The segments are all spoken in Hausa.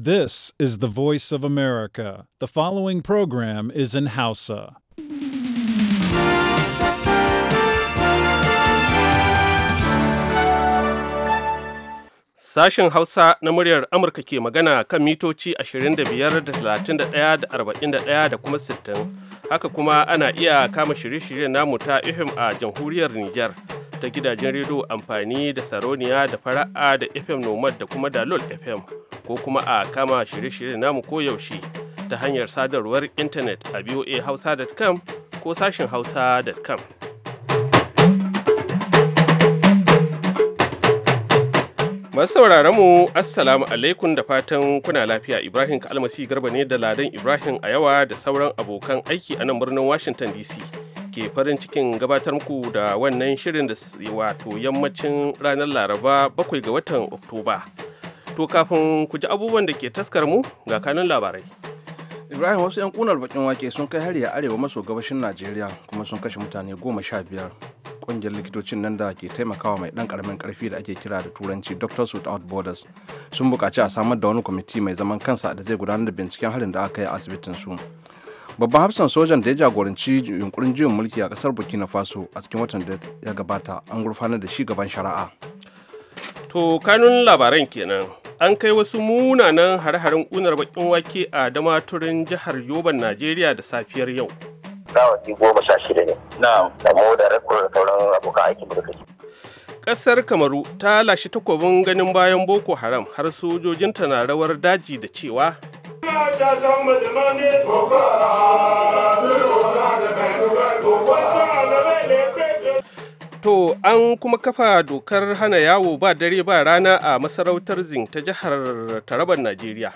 This is the voice of America. The following program is in Hausa. Sashen Hausa na muryar Amurka ke magana kan mitoci 25 da 31 da 41 da kuma 60. Haka kuma ana iya kama shirye-shiryen namu ta ihim a jamhuriyar Nijar. ta gidajen rediyo amfani da saroniya da fara'a da fm nomad da kuma dalol fm ko kuma a kama shirye-shirye namu ko yaushe ta hanyar sadarwar intanet a voahausa.com ko sashin hausa.com masu sauraron mu assalamu alaikum da fatan kuna lafiya ibrahim kalmasi garba ne da ladan ibrahim a yawa da sauran abokan aiki a nan birnin washington dc ke farin cikin gabatar muku da wannan shirin da wato yammacin ranar Laraba bakwai ga watan Oktoba. To kafin ku ji abubuwan da ke taskar mu ga kanun labarai. Ibrahim wasu 'yan kunar bakin wake sun kai hari a arewa maso gabashin Najeriya kuma sun kashe mutane goma sha biyar. Kungiyar likitocin nan da ke taimakawa mai dan karamin karfi da ake kira da turanci Doctors Without Borders sun bukaci a samar da wani kwamiti mai zaman kansa da zai gudanar da binciken harin da aka yi a asibitin su. babban hafsan sojan da ya jagoranci yunkurin juyin mulki a kasar burkina faso a cikin watan da ya gabata an gurfanar da shi gaban shari'a to kanun labaran kenan an kai wasu munanan hare-haren unar bakin wake a damaturin jihar yoban najeriya da safiyar yau kasar kamaru ta lashe takobin ganin bayan boko haram har sojojinta na rawar daji da cewa To an kuma kafa dokar hana yawo ba dare ba rana a masarautar zin ta jihar Taraban Najeriya.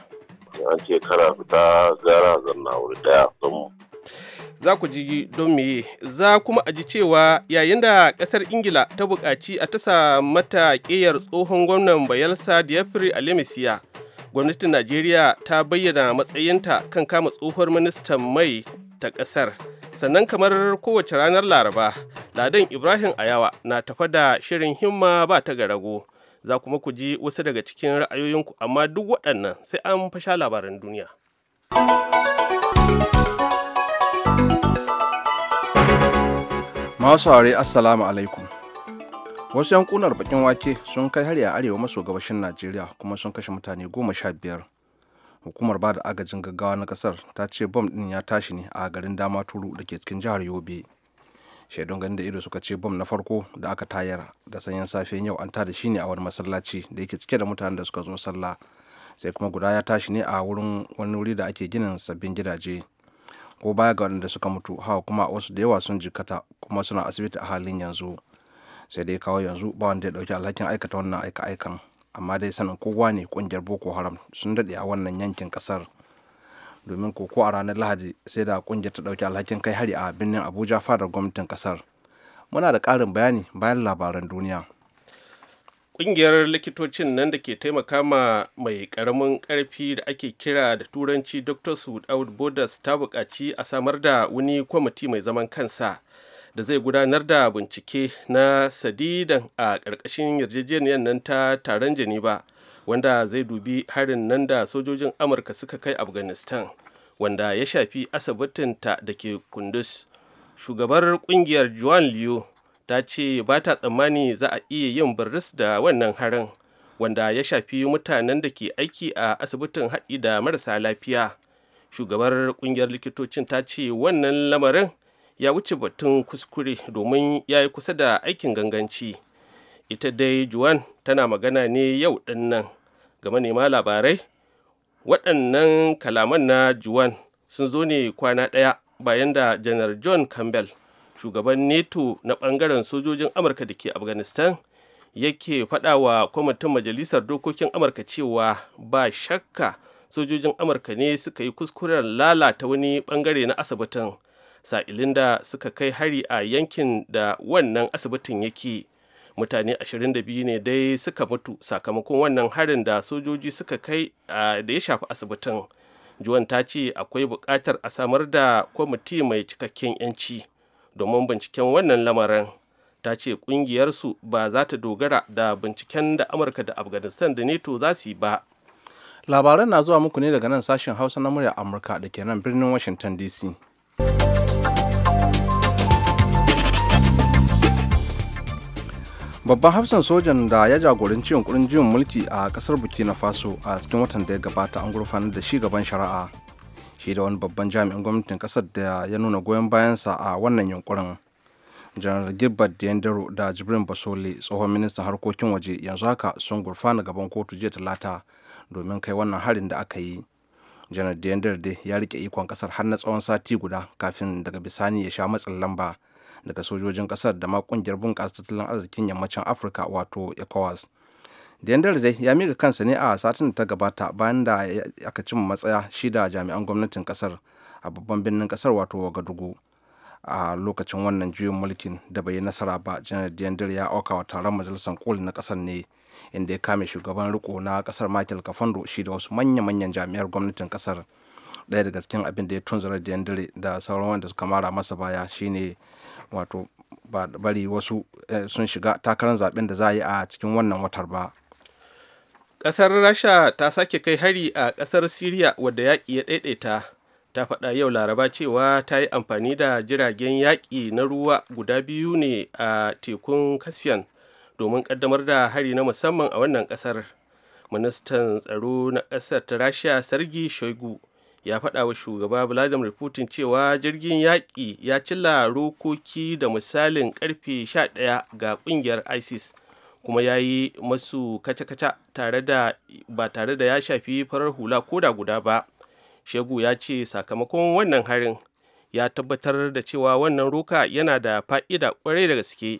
An ce kara fita gara zanna wuri daya don za ku ji don meye za kuma a ji cewa yayin da ƙasar ingila ta buƙaci a tasa mata ƙeyar tsohon gwamnan bayelsa diafri alemisiya gwamnatin najeriya ta bayyana matsayinta kan kama tsohuwar ministan mai ta ƙasar sannan kamar kowace ranar laraba ladan ibrahim ayawa na tafa da shirin himma ba ta garago za kuma ku ji wasu daga cikin ra'ayoyinku amma duk waɗannan sai an fasha labaran duniya masu assalamu alaikum wasu yankunar bakin wake sun kai hari a arewa maso gabashin najeriya kuma sun kashe mutane goma sha biyar hukumar bada agajin gaggawa na kasar ta ce bom din ya tashi ne a garin dama turu da ke cikin jihar yobe shaidun ganin da ido suka ce bom na farko da aka tayar da sanyin safe yau an tada shi ne a wani masallaci da yake cike da mutanen da suka zo sallah sai kuma guda ya tashi ne a wurin wani wuri da ake ginin sabbin gidaje ko baya ga waɗanda suka mutu hawa kuma wasu da yawa sun jikata kuma suna asibiti a halin yanzu sai dai kawo yanzu ba wanda ya dauki alhakin aikata wannan aika-aikan amma dai sanin kowa ne kungiyar boko haram sun daɗe a wannan yankin ƙasar domin koko a ranar lahadi sai da kungiyar ta ɗauki alhakin kai hari a birnin abuja fadar gwamnatin kasar muna da karin bayani bayan labaran duniya ƙungiyar likitocin nan da ke taimaka ma mai karamin karfi da ake kira da turanci doctors without borders ta buƙaci a samar da wani kwamiti mai zaman kansa da zai gudanar da bincike na sadidan a ƙarƙashin yarjejeniyar nan ta taron Geneva wanda zai dubi harin nan da sojojin Amurka suka kai Afghanistan wanda ya shafi asibitinta da ke Kunduz. Shugabar ƙungiyar Juan Liu ta ce ba ta tsammani za a iya yin birris da wannan harin wanda ya shafi mutanen da ke aiki a asibitin haɗi da marasa lafiya. Shugabar ƙungiyar likitocin ta ce wannan lamarin ya wuce batun kuskure domin ya yi kusa da aikin ganganci ita dai juwan tana magana ne yau dinnan ga manema labarai waɗannan kalaman na juwan sun zo ne kwana ɗaya bayan da janar john campbell shugaban neto na ɓangaren sojojin amurka da ke afghanistan yake faɗa wa kwamitin majalisar dokokin amurka cewa ba shakka sojojin amurka ne suka yi kuskuren lalata wani ɓangare na asibitin sa'ilin da suka kai hari a yankin da wannan asibitin yake mutane 22 ne dai suka mutu sakamakon wannan harin da sojoji suka kai da ya shafi asibitin juwan ta ce akwai buƙatar a samar da kwamiti mai cikakken 'yanci domin binciken wannan lamarin ta ce ƙungiyarsu ba za ta dogara da binciken da amurka da afghanistan da neto za su yi ba labaran na zuwa muku ne daga nan sashen hausa na murya amurka da ke nan birnin washington dc babban hafsan sojan da ya jagoranci yunkurin juyin mulki a kasar burkina faso a cikin watan da ya gabata an gurfanar da shi gaban shari'a shi da wani babban jami'in gwamnatin kasar da ya nuna goyon bayansa a wannan yunkurin janar gilbert diendaro da jibrin basole tsohon ministan harkokin waje yanzu haka sun gurfana gaban kotu jiya talata domin kai wannan harin da aka yi janar diendaro ya rike ikon kasar har na tsawon sati guda kafin daga bisani ya sha matsin lamba daga sojojin kasar da ma kungiyar bunƙasa tattalin arzikin yammacin afirka wato ecowas da dare dai ya mika kansa ne a satin da ta gabata bayan da aka cin matsaya shi da jami'an gwamnatin kasar a babban birnin kasar wato wagadugu a lokacin wannan juyin mulkin da bai yi nasara ba janar da dare ya auka wa taron majalisar koli na kasar ne inda ya kame shugaban riko na kasar michael kafando shi da wasu manya-manyan jami'ar gwamnatin kasar daya daga cikin abin da ya tunzura dare da sauran wanda suka mara masa baya shine wato ba bari wasu eh, sun shiga takarar zaben da za a yi a cikin wannan watar ba ƙasar rasha ta sake kai hari a ƙasar siriya wadda yaƙi ya ɗaiɗaita ta faɗa yau laraba cewa ta yi amfani da jiragen yaƙi na ruwa guda biyu ne a tekun caspian domin ƙaddamar da hari na musamman a wannan ƙasar ministan tsaro na ƙasar ta rasha sargi shoigu ya faɗa wa shugaba vladimir putin cewa jirgin yaƙi ya cilla rokoki da misalin karfe 11 ga ƙungiyar isis kuma ya yi masu kaca-kaca ba tare da ya shafi farar hula ko da guda ba shegu ya ce sakamakon wannan harin ya tabbatar da cewa wannan roka yana da fa'ida kwarai da gaske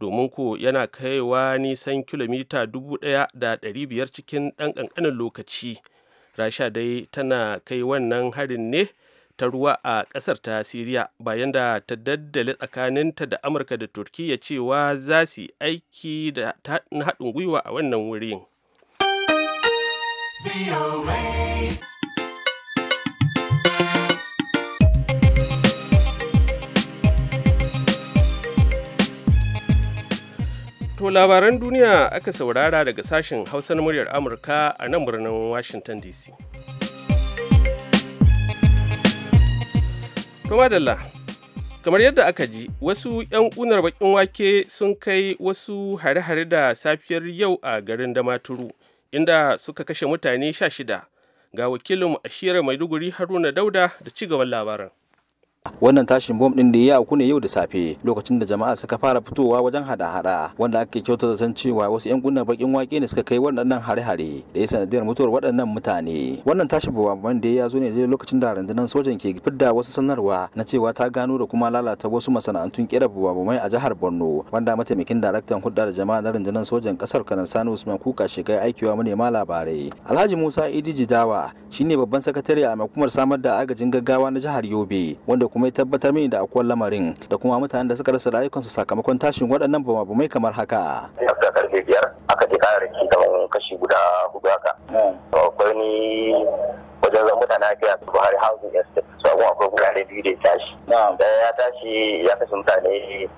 domin ko yana kaiwa nisan kilomita 1,500 cikin ɗan ƙanƙanin lokaci rasha dai tana kai wannan harin ne ta ruwa a ƙasar ta siriya bayan da ta daddale tsakaninta da amurka da turkiya cewa za su aiki da haɗin gwiwa a wannan wurin. To labaran duniya aka saurara daga sashen Hausa na muryar Amurka a nan birnin Washington DC. To madalla, kamar yadda aka ji wasu 'yan unar bakin wake sun kai wasu hare-hare da safiyar yau a garin damaturu inda suka kashe mutane sha shida ga wakilin ashirar maiduguri haruna dauda da cigaban labaran wannan tashin bom din da ya auku ne yau da safe lokacin da jama'a suka fara fitowa wajen hada-hada wanda ake kyautata san cewa wasu yan kunnar bakin wake ne suka kai waɗannan hare-hare da ya sanadiyar mutuwar waɗannan mutane wannan tashin bom da ya zo ne lokacin da rundunar sojan ke fidda wasu sanarwa na cewa ta gano da kuma lalata wasu masana'antun kera bumabumai a jihar Borno wanda mataimakin daraktan hudda da jama'a na rundunar sojan kasar Kanar Sani Usman Kuka shekai aikiwa manema labarai Alhaji Musa Idi Jidawa shine babban sakatare a hukumar samar da agajin gaggawa na jihar Yobe wanda kuma ya tabbatar mini da akwai lamarin da kuma mutanen da suka rasa rayukansu sakamakon tashin waɗannan bamabumai kamar haka. Yadda karfe biyar aka je kayar ki kamar kashi guda hudu haka. Akwai ni wajen zan mutane ake yasu Buhari Housing Estate. Sabon akwai gurare biyu da ya tashi. Daya ya tashi ya kashe mutane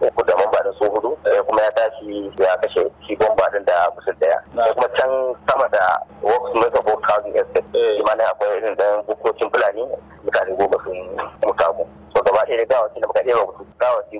uku da mamba da su hudu. kuma ya tashi ya kashe shi bomba din da musul daya. Kuma can sama da Works Mega Housing Estate. Eh. Shi ma akwai irin dan bukocin Fulani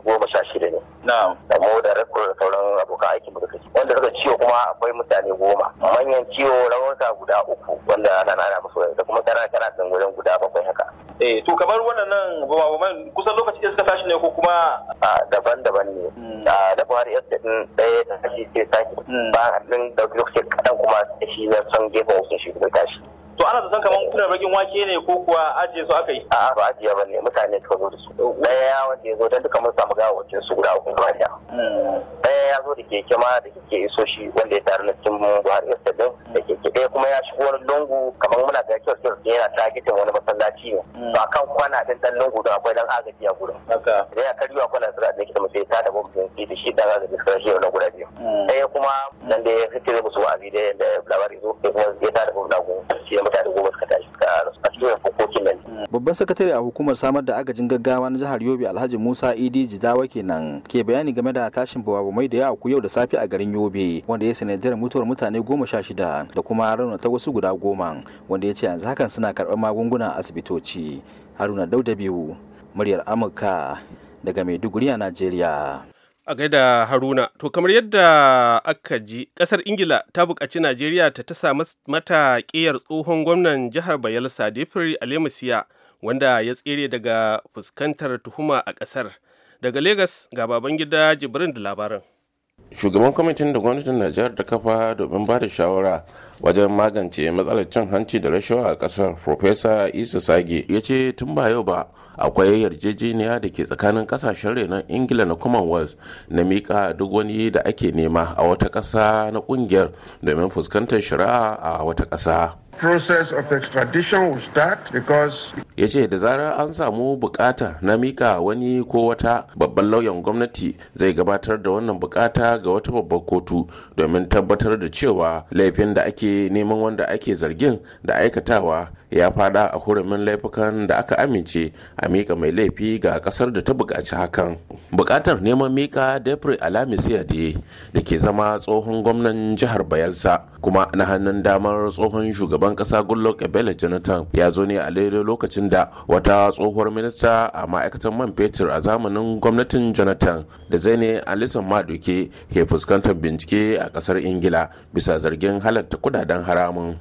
goma sha shida ne. Na'am. Da mu da rakwar da sauran abokan aiki muka kaci. Wanda suka ciwo kuma akwai mutane goma. Manyan ciwo rawarsa guda uku wanda ana nana musu da kuma tana tana sun wajen guda bakwai haka. Eh to kamar wannan nan bababaman kusan lokaci da suka tashi ne ko kuma. A daban-daban ne. Hmm. A da Buhari Estate ɗin ɗaya ta tashi sai tashi. Hmm. Ba ɗin ɗauki lokaci kaɗan kuma shi na son gefen sun shi tashi. to ana san kamar kuna bakin wake ne ko kuwa ajiye su aka yi a'a ba ajiye ba ne mutane suka zo da su daya wanda ya zo don duka mun samu gawawacin su guda uku ba daya hmm. ya zo da keke ma da kike iso shi wanda ya taru na cikin buhari yasta din da ke ɗaya kuma ya shigo wani lungu kamar muna da kyau kyau yana ta wani masallaci ne to akan kwana din dan lungu da akwai dan agaji a gurin haka da ya karyo kwana sura da kita mace ta da bombin sai da shi dan agaji sai shi wannan guda biyu hmm. ɗaya kuma nan da ya fice musu wa'azi da labari zo sai kuma ya ta da bombin da gurin sai mutane goma suka tashi da cikin hukokin nan. Babban sakatare a hukumar samar da agajin gaggawa na jihar Yobe Alhaji Musa Idi Jidawa kenan ke bayani game da tashin mai da yawa yau da safe a garin Yobe wanda ya sanadiyar mutuwar mutane goma sha shida da kuma ta wasu guda goma wanda ya ce yanzu hakan suna karɓar magunguna a asibitoci. Haruna Dauda biyu muryar Amurka daga Maiduguri a Najeriya. a gaida haruna to kamar yadda aka ji ƙasar ingila ta buƙaci najeriya ta tasa mata ƙiyar tsohon gwamnan jihar bayelsa defri alemisiya wanda ya tsere daga fuskantar tuhuma a ƙasar daga Legas ga baban gida jibrin da labarin shugaban kwamitin da gwamnatin najeriya ta kafa domin ba da shawara wajen magance matsalar cin hanci da rashawa a kasar Profesa isa sage ya ce tun ba yau ba akwai yarjejeniya da ke tsakanin kasashen renon ingila na commonwealth na mika duk wani da ake nema a wata ƙasa na ƙungiyar domin fuskantar shari'a a wata ƙasa process of extradition will start because ya ce da zarar an samu bukata na mika wani ko wata babban lauyan gwamnati zai gabatar da wannan bukata ga wata babbar kotu domin tabbatar da cewa laifin da ake neman wanda ake zargin da aikatawa ya fada a hurumin laifukan da aka amince a mika mai laifi ga kasar da ta bukaci hakan bukatar neman mika depre alamis da ke zama tsohon gwamnan jihar bayelsa kuma na hannun damar tsohon shugaban shugaban kasa goodluck ebele jonathan ya zo ne a daidai lokacin da wata tsohuwar minista a ma'aikatan man fetur a zamanin gwamnatin jonathan da zai ne alison maduke ke fuskantar bincike a kasar ingila bisa zargin halarta kudaden haramun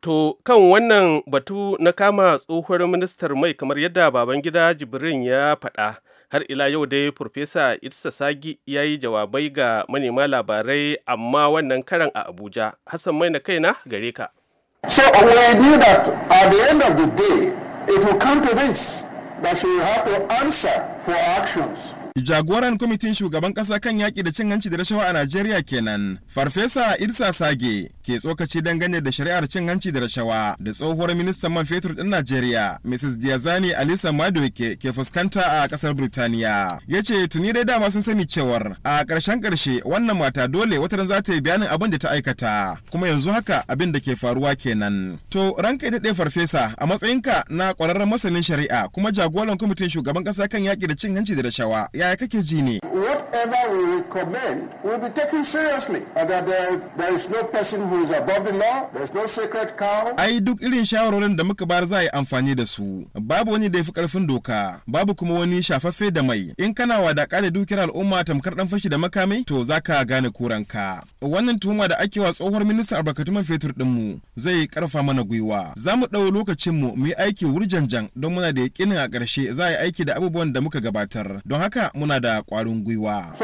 To kan wannan batu na kama tsohuwar ministar mai kamar yadda Babangida Jibrin ya faɗa har ila yau dai profesa Idsa Sagi ya yi jawabai ga manema labarai amma wannan karan a Abuja. Hassan mai na kaina gare ka. So uh, we knew that at the end of the day, it will come to this, that she will have to answer for her actions. Jagoran kwamitin shugaban kasa kan yaƙi da cin hanci da rashawa a Najeriya kenan. Farfesa Idsa Sage ke tsokaci dangane da shari'ar cin hanci da rashawa da tsohuwar ministan man fetur ɗin Najeriya Mrs. Diazani Alisa Maduweke ke fuskanta a ƙasar Birtaniya. Ya ce tuni dai dama sun sani cewar a ƙarshen ƙarshe wannan mata dole wata za ta yi bayanin abin da ta aikata kuma yanzu haka abin da ke faruwa kenan. To ranka ita ɗaya farfesa a matsayinka na ƙwararren masanin shari'a kuma jagoran kwamitin shugaban kasa kan yaƙi da cin hanci da rashawa ya yaya kake ji ne whatever we recommend will be taken seriously and that there, there is no person who is above the law there is no sacred cow ai duk irin shawarorin da muka bar za a yi amfani da su babu wani da ya fi karfin doka babu kuma wani shafaffe da mai in kana wadaƙa da dukiyar al'umma tamkar dan fashi da makami to zaka gane kuranka wannan tuhuma da ake wa tsohuwar ministan albarkatun man fetur mu, zai karfa mana gwiwa za mu ɗau lokacin mu yi aiki wurjanjan don muna da yakinin a ƙarshe za a yi aiki da abubuwan da muka gabatar don haka muna da kwarin gwiwa.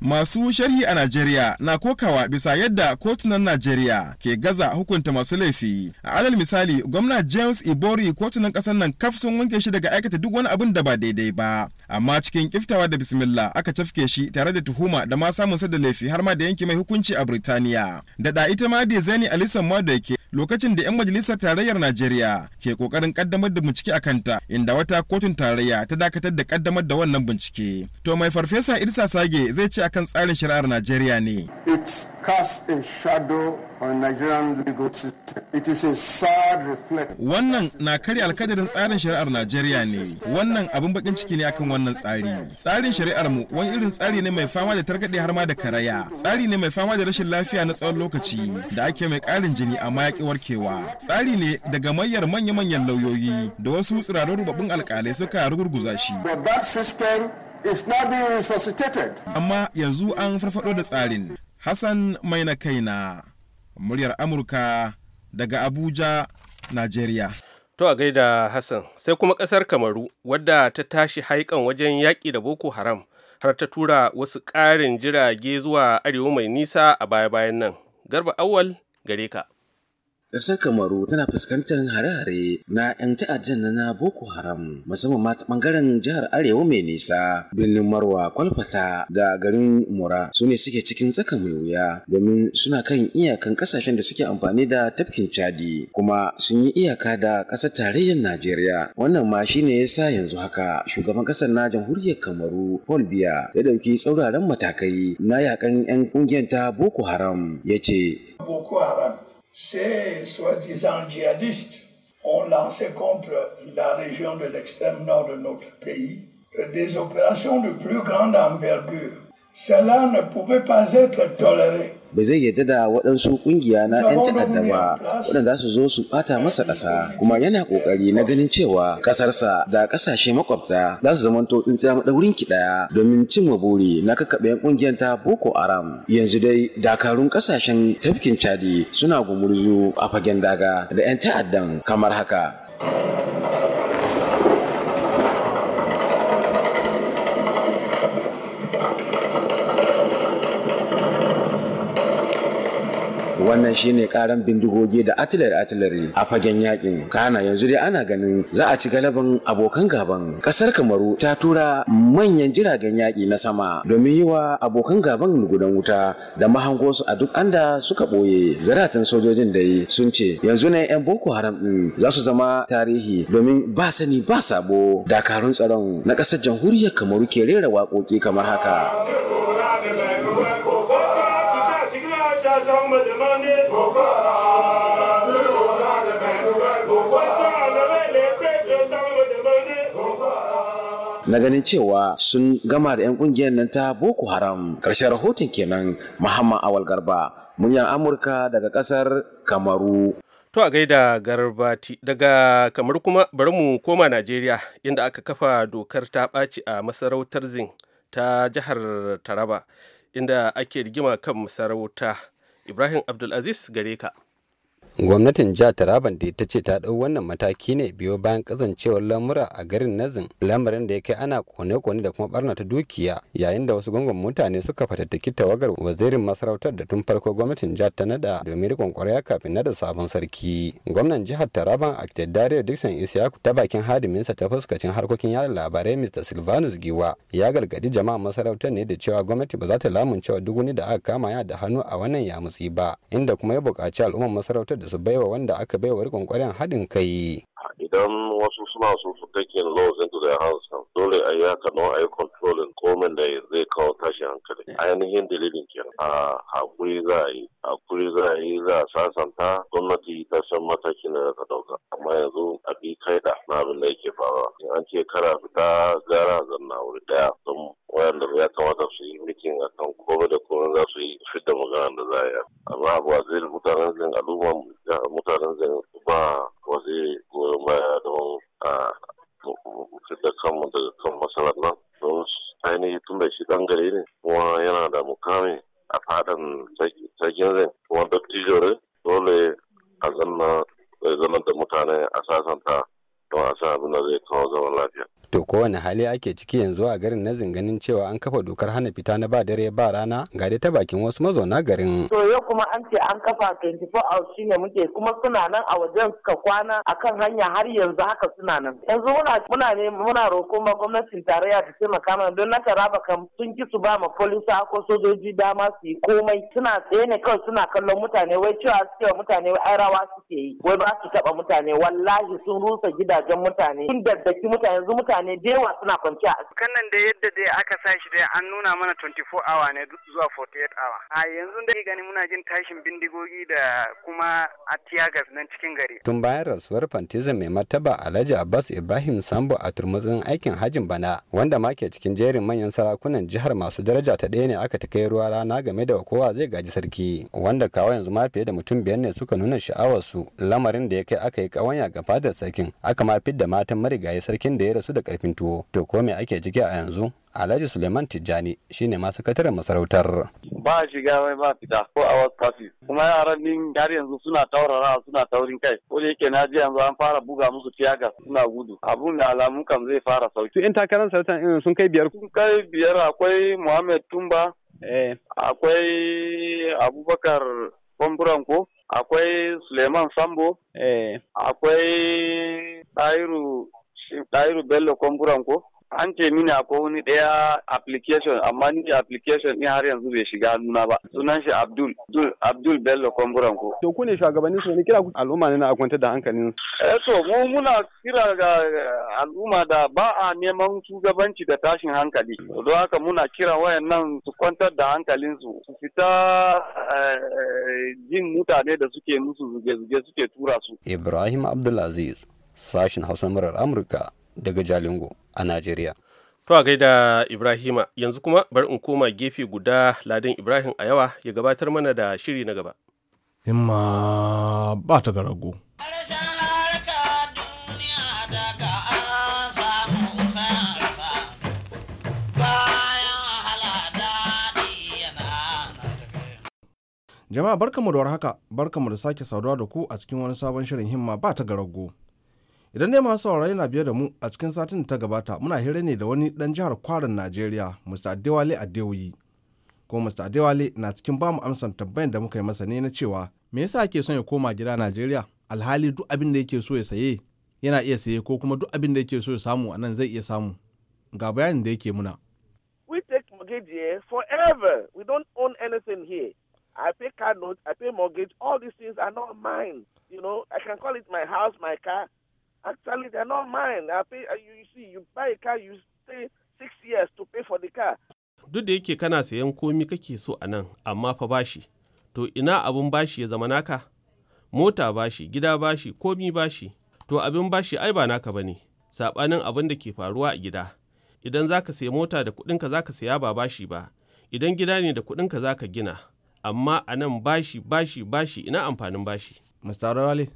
Masu sharhi a Najeriya na kokawa bisa yadda kotunan Najeriya ke gaza hukunta masu laifi. A alal misali, gwamna James Ibori kotunan ƙasar nan kaf sun wanke shi daga aikata duk wani abin da ba daidai ba. Amma cikin kiftawa da bismillah aka cafke shi tare da tuhuma da ma samun da laifi har ma da yanke mai hukunci a Birtaniya. Da da ita ma Dezani Alisan ke? lokacin da 'yan majalisar tarayyar Najeriya ke kokarin kaddamar da bincike a kanta inda wata kotun tarayya ta dakatar da kaddamar da wannan bincike. To mai farfesa Idrisa Sage zai ce akan tsarin shari'ar Najeriya ne. It casts a shadow Wannan na karya alkadarin tsarin shari'ar Najeriya ne. Wannan abin bakin ciki ne akan wannan tsari. Tsarin shari'ar mu wani irin tsari ne mai fama da targaɗe har ma da karaya. Tsari ne mai fama da rashin lafiya na tsawon lokaci da ake mai ƙarin jini amma ya warkewa. Tsari ne daga mayar manya-manyan lauyoyi da wasu tsirarun rubabbun alkalai suka rugurguza shi. Amma yanzu an farfado da tsarin. Hassan mai Maina Kaina. muryar amurka daga abuja najeriya to a gaida hassan sai kuma kasar kamaru wadda ta tashi haikan wajen yaƙi da boko haram har ta tura wasu ƙarin jirage zuwa arewa mai nisa a baya-bayan nan garba awwal gare ka Ƙasar Kamaru tana fuskantar hare-hare na 'yan ta'addan na Boko Haram musamman ma ta ɓangaren jihar Arewa mai nisa birnin Marwa Kwalfata da garin Mura su ne suke cikin tsaka mai wuya domin suna kan iyakan ƙasashen da suke amfani da tafkin Chadi kuma sun yi iyaka da ƙasar tarayyar Najeriya wannan ma shi ne yasa yanzu haka shugaban ƙasar na jamhuriyar Kamaru Paul Biya ya ɗauki tsauraran matakai na yakan 'yan ƙungiyar ta Boko Haram ya ce. ces soi-disant djihadistes ont lancé contre la région de l'extrême nord de notre pays euh, des opérations de plus grande envergure. Cela ne pouvait pas être toléré ba zai yarda da waɗansu ƙungiya na 'yan ta'adda ba waɗanda su zo su ɓata masa ƙasa kuma yana ƙoƙari na ganin cewa ƙasarsa da ƙasashe makwabta za su zamanto tsintsiya maɗaurin ki ɗaya domin cimma buri na kakkaɓe ƙungiyar ta Boko Haram yanzu dai dakarun ƙasashen tafkin Chadi suna gumurzu a fagen daga da 'yan ta'addan kamar haka wannan shine karan bindigogi da atilar atilari a fagen yakin kana yanzu dai ana ganin za a ci galaban abokan gaban kasar kamaru ta tura manyan jiragen yaki na sama domin yi wa abokan gaban gudan wuta da mahangosu a duk anda suka ɓoye zaratan sojojin da yi sun ce yanzu ne 'yan boko haram ɗin za su zama tarihi domin ba sani ba sabo dakarun tsaron na ƙasar jamhuriyar kamaru ke rera waƙoƙi kamar haka. na ganin cewa sun gama da 'yan kungiyar nan ta boko haram ƙarshen rahoton kenan muhammad awal garba munyan amurka daga ƙasar kamaru to a gaida garbati daga kamar kuma bari mu koma najeriya inda aka kafa dokar ta ɓaci a masarautar zin ta jihar taraba inda ake rigima kan masarauta Ibrahim Abdulaziz gare ka. gwamnatin jihar taraban da ita ce ta dau wannan mataki ne biyo bayan kasancewar lamura a garin nazin lamarin da ya kai ana kone-kone da kuma barna ta dukiya yayin da wasu gungun mutane suka fatattaki tawagar wazirin masarautar da tun farko gwamnatin jihar ta nada domin rikon kwarya kafin nada sabon sarki gwamnan jihar taraban a dariyar dixon isiyaku ta bakin hadiminsa ta fuskacin harkokin yada labarai mr silvanus giwa ya gargadi jama'a masarautar ne da cewa gwamnati ba za ta lamuncewa duk wani da aka kama ya da hannu a wannan yamutsi ba inda kuma ya buƙaci al'ummar masarautar su baiwa wanda aka baiwa rikon kwarin haɗin kai idan wasu suna so su take laws into their hands dole a yi kano a yi controlling komen da zai kawo tashi hankali ainihin dalilin kenan a hakuri za a yi hakuri za a yi za a sasanta gwamnati ta san matakin da ta dauka amma yanzu a bi kai da na abin da yake faruwa in an ce kara fita gara zanna wuri daya don wayanda ya kamata su yi mikin a kan kome da kome za su yi fitar magana da za a yi amma ba zai mutanen zin al'umma mutanen zin ba wani goyon baya don a da kanmu daga kan masarar nan don ainihi tun da shi dan gari ne kuma yana da mukami a fadan sarkin rai kuma dattijo dole a zanna da mutane a sasanta don a san abin da zai kawo zaman lafiya. To kowane hali ake ciki yanzu a garin na zinganin cewa an kafa dokar hana fita na ba dare ba rana ga dai ta bakin wasu mazauna garin. To yau kuma an ce an kafa 24 hours shine muke kuma suna nan a wajen suka kwana akan hanya har yanzu haka suna nan. Yanzu muna muna ne muna roƙo ma gwamnatin tarayya ta taimaka mana don na taraba kam sun ki su ba ma polisa ko sojoji dama su yi komai suna tsaye ne kawai suna kallon mutane wai cewa suke wa mutane wai ai rawa suke yi wai ba su taɓa mutane wallahi sun rusa gida gidajen mutane tun daddaki mutane yanzu mutane da yawa suna kwanciya a cikin nan da yadda dai aka sa shi dai an nuna mana 24 hour ne zuwa 48 hour a yanzu dai gani muna jin tashin bindigogi da kuma a tiyagas nan cikin gari tun bayan rasuwar fantizan mai martaba alhaji abbas ibrahim sambo a turmutsin aikin hajin bana wanda ma ke cikin jerin manyan sarakunan jihar masu daraja ta ɗaya ne aka ta kai ruwa rana game da kowa zai gaji sarki wanda kawo yanzu ma fiye da mutum biyar ne suka nuna sha'awarsu lamarin da ya kai aka yi ƙawanya ga fadar sarkin aka ma da matan marigayi sarkin da ya rasu da karfin tuwo to ko me ake ciki a yanzu alhaji suleiman tijjani shine ma sakataren masarautar ba shiga mai ba fita ko a wasu kafi kuma yaran nin har yanzu suna taurara suna taurin kai ko da yake na ji yanzu an fara buga musu tiyaga suna gudu abun da alamun kam zai fara sauki in takarar sarautar sun kai biyar sun kai biyar akwai muhammed tumba eh. akwai abubakar ko akwai suleiman sambo eh. akwai ɗahiru bello kwamburanko an ce mini akwai wani ɗaya application amma ni application ɗin har yanzu bai shiga nuna ba sunan shi Abdul Abdul Abdul Bello ko. To ku ne shugabannin su ne kira ku al'umma ne na akwanta da hankalin su. Eh to mu muna kira ga al'umma da ba a neman shugabanci da tashin hankali. Don haka muna kira wayannan su kwantar da hankalin su su fita eh, jin mutane da suke musu zuge-zuge suke tura su. Ibrahim Abdulaziz sashin Hausa murar Amurka daga Jalingo a Najeriya. To a gaida Ibrahima yanzu kuma bari in koma gefe guda Ladin Ibrahim a yawa ya gabatar mana da shiri na gaba. Himma ba ta ga garago. Jama'a barkamu da warhaka, barkamu da sake saduwa da ku a cikin wani sabon shirin himma ba ta ga ragu. idan dai masu saurari na biye da mu a cikin satin ta gabata muna hira ne da wani dan jihar kwarin najeriya mr adewale adewoyi ko mr adewale na cikin bamu mu amsan tabbayin da muka yi masa ne na cewa me yasa ake son ya koma gida najeriya alhali duk abin da yake so ya saye yana iya saye ko kuma duk abin da yake so ya samu a nan zai iya samu ga bayanin da yake muna we take mortgage here forever we don't own anything here I pay car note, I pay mortgage, all these things are not mine. You know, I can call it my house, my car, Actually, they're not mine. I pay, uh, you, see, you buy a car, you stay six years to pay for the car. Duk da yake kana sayan komi kake so a nan, amma fa bashi. To ina abin bashi ya zama naka? Mota bashi, gida bashi, komi bashi. To abin bashi ai ba naka ba ne Saɓanin abin da ke faruwa a gida. Idan za ka sayi mota da kuɗinka za ka saya ba bashi ba. Idan gida ne da kuɗinka za ka gina. Amma a nan bashi, bashi, bashi, ina amfanin bashi. Mr.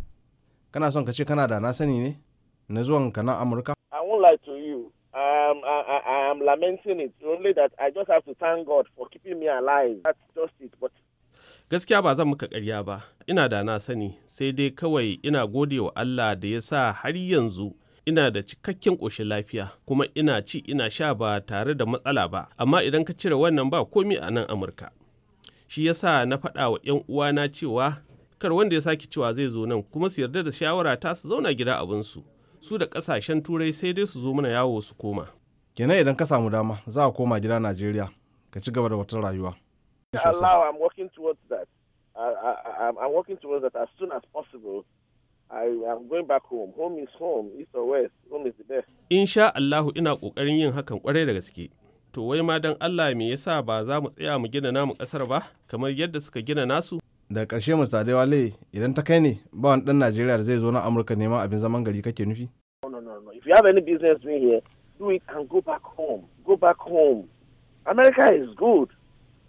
kana son ka ce kana da na sani ne na zuwan ka nan amurka i won't lie to you um, I, I, I am lamenting it only that i just have to thank god for keeping me alive that's just it but gaskiya ba zan muka karya ba ina da na sani sai dai kawai ina gode wa allah da ya sa har yanzu ina da cikakken ƙoshin lafiya kuma ina ci ina sha ba tare da matsala ba amma idan ka cire wannan ba komi a nan amurka shi yasa na faɗa wa 'yan uwana cewa kar wanda ya sake cewa zai zo nan kuma su yarda da shawara ta su zauna gida abinsu su da kasashen turai sai dai su zo mana yawo su koma kenan idan ka samu dama za a koma gida najeriya ka ci gaba da wata rayuwa Insha Allahu ina kokarin yin hakan kwarai da gaske. To wai ma dan Allah me yasa ba za mu tsaya mu gina namu kasar ba kamar yadda suka gina nasu? daga ƙarshe mr adewale idan ta kai ne ba wani ɗan najeriya da zai zo na amurka neman abin zaman gari kake nufi if you have any business here do it and go back home go back home america is good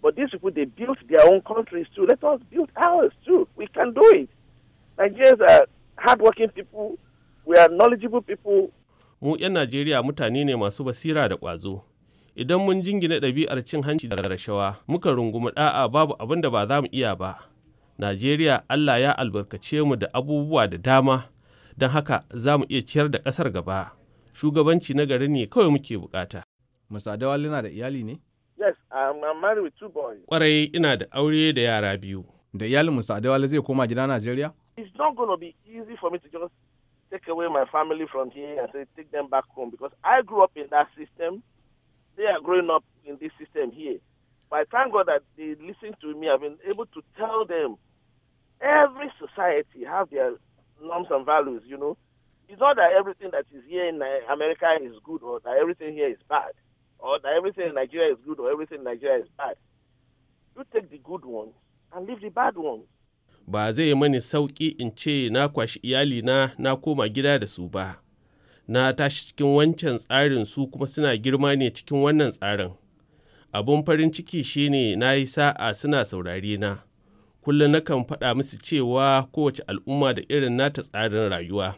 but these people they built their own countries too let us build ours too we can do it nigerians are hardworking people we are knowledgeable people mu 'yan najeriya mutane ne masu basira da kwazo idan mun jingina ɗabi'ar cin hanci da rashawa muka rungumi ɗa'a babu abin da ba za mu iya ba Najeriya Allah ya albarkace mu da abubuwa da dama don haka za mu iya ciyar da ƙasar gaba. Shugabanci na gari ne kawai muke bukata. Musadawa na da iyali ne? Yes, I'm married with two boys. Kwarai ina da aure da yara biyu. Da iyalin Musadawa zai koma gida Najeriya? It's not going to be easy for me to just take away my family from here and say take them back home because I grew up in that system. They are growing up in this system here. But I thank God that they listen to me. I've been able to tell them every society have their norms and values, you know. It's not that everything that is here in America is good or that everything here is bad or that everything in Nigeria is good or everything in Nigeria is bad. You take the good ones and leave the bad ones. Ba zai yi mani sauƙi in ce na kwashi iyalina na koma gida da su ba. Na tashi cikin wancan tsarin su kuma suna girma ne cikin wannan tsarin. abun farin ciki shine na yi sa'a suna saurari na kullum nakan faɗa musu cewa kowace al'umma da irin nata tsarin rayuwa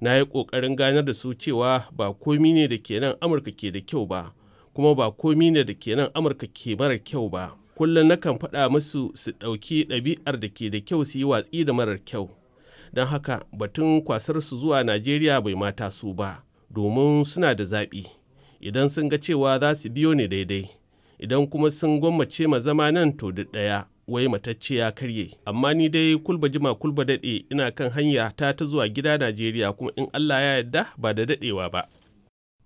na yi ƙoƙarin ganar da su cewa ba komi ne da ke nan amurka ke da kyau ba kuma ba komi ne da ke nan amurka ke marar kyau ba kullum nakan faɗa musu su ɗauki ɗabi'ar da ke da kyau su yi watsi da marar kyau don haka batun kwasar su zuwa najeriya bai mata su ba domin suna da zaɓi idan sun ga cewa za su biyo ne daidai idan kuma sun gwammace ma zama nan to duk ɗaya wai matacce ya karye amma ni dai kulba jima kulba daɗe ina kan hanya ta ta zuwa gida najeriya kuma in allah ya yarda ba da daɗewa ba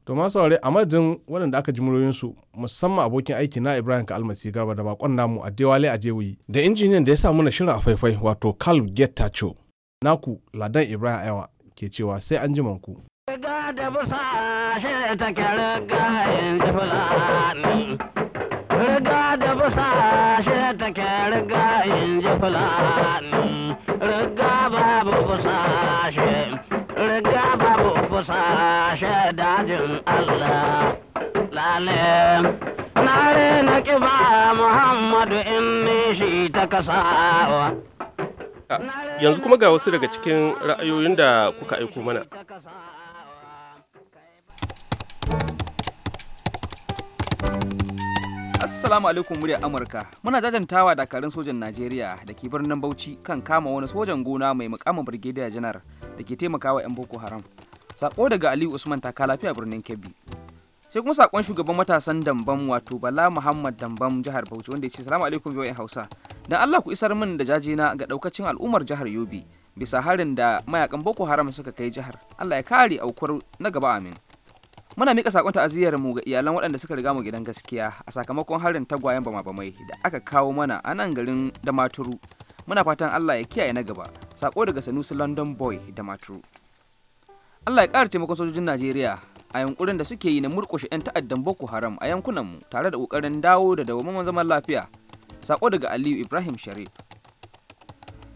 to masu aure a madadin waɗanda aka ji muryoyinsu musamman abokin aiki na ibrahim almasi garba da bakon namu a dewale a jewuyi da injiniyan da ya sa mana shirin a faifai wato getta gettacho naku ladan ibrahim ayawa ke cewa sai an ji manku riga da busa shi ta kyar gayin fulani riga da busa she take riga in ji fulani riga babu busa she riga babu busa she dajin Allah lale nare na kiba Muhammadu in shi ta kasawa yanzu kuma ga wasu daga cikin ra'ayoyin da kuka aiko mana thank you Assalamu alaikum murya Amurka. Muna jajantawa dakarun sojan Najeriya da ke birnin Bauchi kan kama wani sojan gona mai mukamin Brigadier Janar da ke taimakawa 'yan Boko Haram. Sako daga Aliyu Usman ta taka lafiya birnin Kebbi. Sai kuma sakon shugaban matasan Dambam wato Bala Muhammad Dambam jihar Bauchi wanda ya ce salamu alaikum yau Hausa. Dan Allah ku isar min da jajena ga daukacin al'ummar jihar Yobe bisa harin da mayakan Boko Haram suka kai jihar. Allah ya kare aukuwar na gaba amin. muna mika sakon ta'aziyar mu ga iyalan waɗanda suka riga mu gidan gaskiya a sakamakon harin tagwayen bama-bamai da aka kawo mana a nan garin Damaturu muna fatan Allah ya kiyaye na gaba sako daga sanusi London boy da maturu Allah ya ƙara taimakon sojojin Najeriya a yankurin da suke yi na murƙushe 'yan ta'addan Boko Haram a yankunan mu tare da ƙoƙarin dawo da dawamaman zaman lafiya sako daga Aliyu Ibrahim Sharif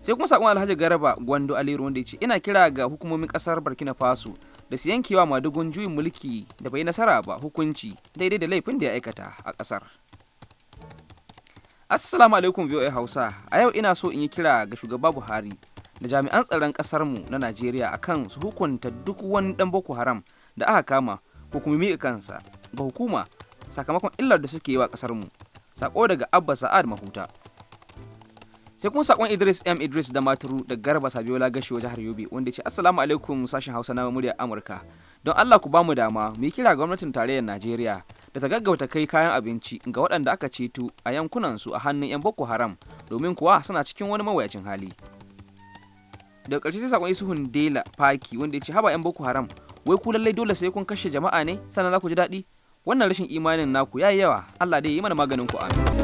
sai kuma sakon Alhaji Garba Gwando Aliyu wanda ya ce ina kira ga hukumomin ƙasar Burkina Faso da su yankewa madugun juyin mulki da bai nasara ba hukunci daidai da laifin da ya aikata a ƙasar. Assalamu alaikum VOA Hausa, a yau ina so in yi kira ga shugaba Buhari da jami'an tsaron mu na Najeriya akan su hukunta duk wani dan Boko Haram da aka kama ko kuma miƙa kansa ga hukuma sakamakon illar da suke yi wa mu Sako daga Abba Sa'ad Mahuta. sai kuma sakon idris m idris da maturu da garba sabiola gashi wa jihar yobe wanda ce assalamu alaikum sashen hausa na murya amurka don allah ku bamu dama mu yi kira gwamnatin tarayyar najeriya da ta gaggauta kai kayan abinci ga waɗanda aka ceto a yankunan su a hannun yan boko haram domin kuwa suna cikin wani mawuyacin hali Da ƙarshe sai sakon isuhun dela Paki wanda ya ce haba yan boko haram wai ku lallai dole sai kun kashe jama'a ne sannan za ku ji daɗi wannan rashin imanin naku ya yi yawa allah dai yi mana maganin ku amin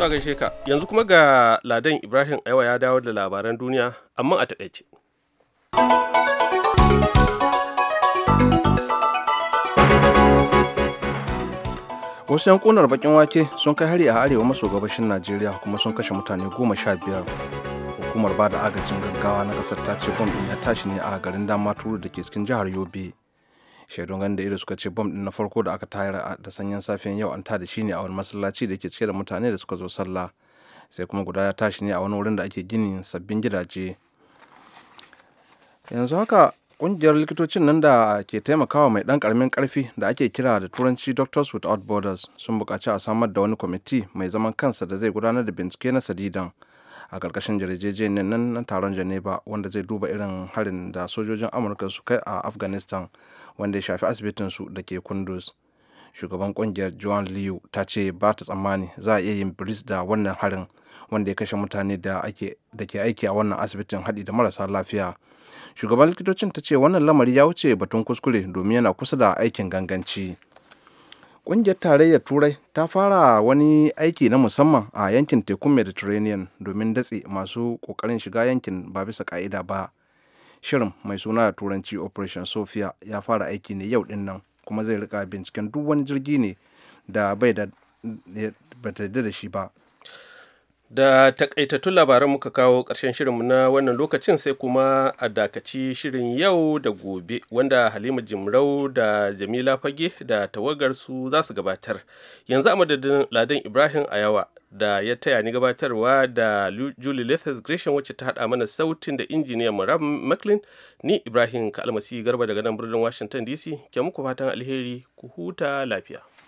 To gaishe ka yanzu kuma ga Ladan Ibrahim Aiwa ya dawo da labaran duniya amma a takaice. wasu yankunar bakin wake sun kai hari a arewa maso gabashin najeriya kuma sun kashe mutane goma sha biyar hukumar ba da agajin gaggawa na kasar ta ce bom ya tashi ne a garin damaturu da ke cikin jihar yobe shaidun ganin da ido suka ce bom din na farko da aka tayar da sanyin safiyan yau an da shi ne a wani masallaci da ke cike da mutane da suka zo sallah sai kuma guda ya tashi ne a wani wurin da ake ginin sabbin gidaje yanzu haka kungiyar likitocin nan da ke taimakawa mai dan karamin karfi da ake kira da turanci doctors without borders sun buƙaci a samar da wani kwamiti mai zaman kansa da zai gudanar da bincike na sadidan a ƙarƙashin jirjejeniyar nan na taron geneva wanda zai duba irin harin da sojojin amurka su kai a afghanistan wanda ya shafi asibitinsu da ke kundus shugaban kungiyar joan liu ta ce ba ta tsammani za a iya yin bris da wannan harin wanda ya kashe mutane da ke aiki a wannan asibitin haɗi da marasa lafiya shugaban likitocin ta ce wannan lamari ya wuce batun kuskure domin yana kusa da aikin ganganci ƙungiyar tarayyar turai ta fara wani aiki na musamman a yankin tekun mediterranean domin datse masu ƙoƙarin shiga yankin ba bisa ƙa'ida ba shirin mai suna da turanci operation sophia ya fara aiki ne yau din kuma zai rika binciken duk wani jirgi ne da bai da shi ba da takaitattun labaran muka kawo ƙarshen shirinmu na wannan lokacin sai kuma a dakaci shirin yau da gobe wanda halima jimrau da jamila fage da tawagarsu za su gabatar yanzu a madadin ladan ibrahim ayawa da ya taya ni gabatarwa da julie lethis gresham wacce ta hada mana sautin da injiniyan maram mclean ni ibrahim kalmasi garba daga nan birnin washington dc ke muku fatan alheri ku huta lafiya